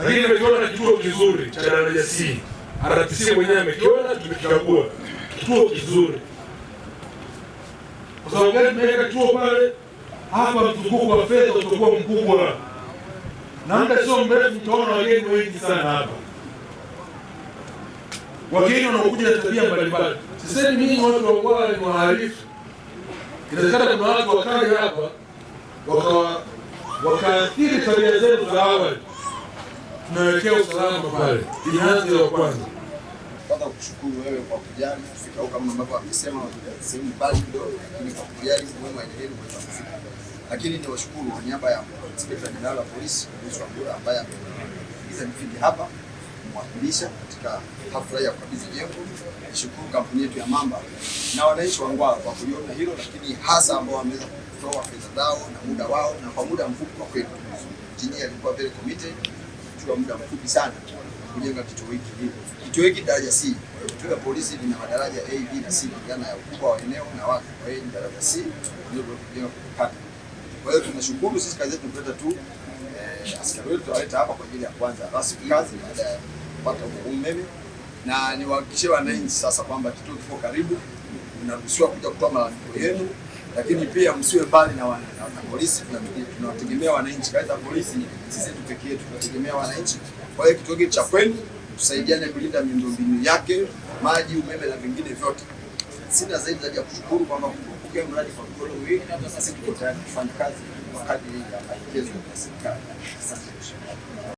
lakini nimekiona kituo kizuri cha daraja C. RPC mwenyewe amekiona, tumekikagua kituo kizuri. Kwa sababu gani tumeweka kituo pale? Hapa mzunguko wa fedha utakuwa mkubwa, na muda sio mrefu mtaona wageni wengi sana hapa, wageni wanaokuja na tabia mbalimbali. Sisemi mimi watu wa ni wahalifu, inawezekana kuna watu wakali hapa wakaathiri tabia zetu za awali tunawekea usalama pale, ianze ya kwanza kwanza kushukuru wewe kwa kujali kufika huko, kama ambavyo amesema sehemu mbali kidogo, lakini kwa kujali umuhimu wa eneo hili kwa kufika. Lakini ni washukuru kwa niaba ya Inspekta Jenerali wa Polisi Yusu Wambura ambaye ameiza nifike hapa kumwakilisha katika hafla ya kukabidhi jengo. Nishukuru kampuni yetu ya Mamba na wananchi wa Ngwala kwa kuliona hilo, lakini hasa ambao wameweza kutoa fedha zao na muda wao na kwa muda mfupi, kwa kweli tinia alikuwa very committed kuchukua muda mfupi sana kujenga kituo hiki hivi. Kituo hiki daraja C. kituo cha polisi lina madaraja A, B na C kulingana ya ukubwa wa eneo na watu. Kwa hiyo daraja C ndio kwa kati. Kwa hiyo tunashukuru sisi kazi yetu kuleta tu eh, askari wetu aleta hapa kwa ajili ya kwanza rasmi kazi baada ya kupata umeme na niwahakikishie wananchi sasa kwamba kituo kipo karibu, mnaruhusiwa kuja kutoa malalamiko yenu, lakini pia msiwe mbali na, na, na polisi. Tunawategemea wananchi, kazi polisi sisi tu pekee yetu, tunategemea wananchi. Kwa hiyo kituo hiki cha kwenu, tusaidiane kulinda miundombinu yake, maji, umeme na vingine vyote. Sina zaidi zaidi ya kushukuru kwamba kupokea mradi kwa mkono na sisi tuko tayari kufanya kazi kwa kadri ya maelekezo ya serikali. Asante.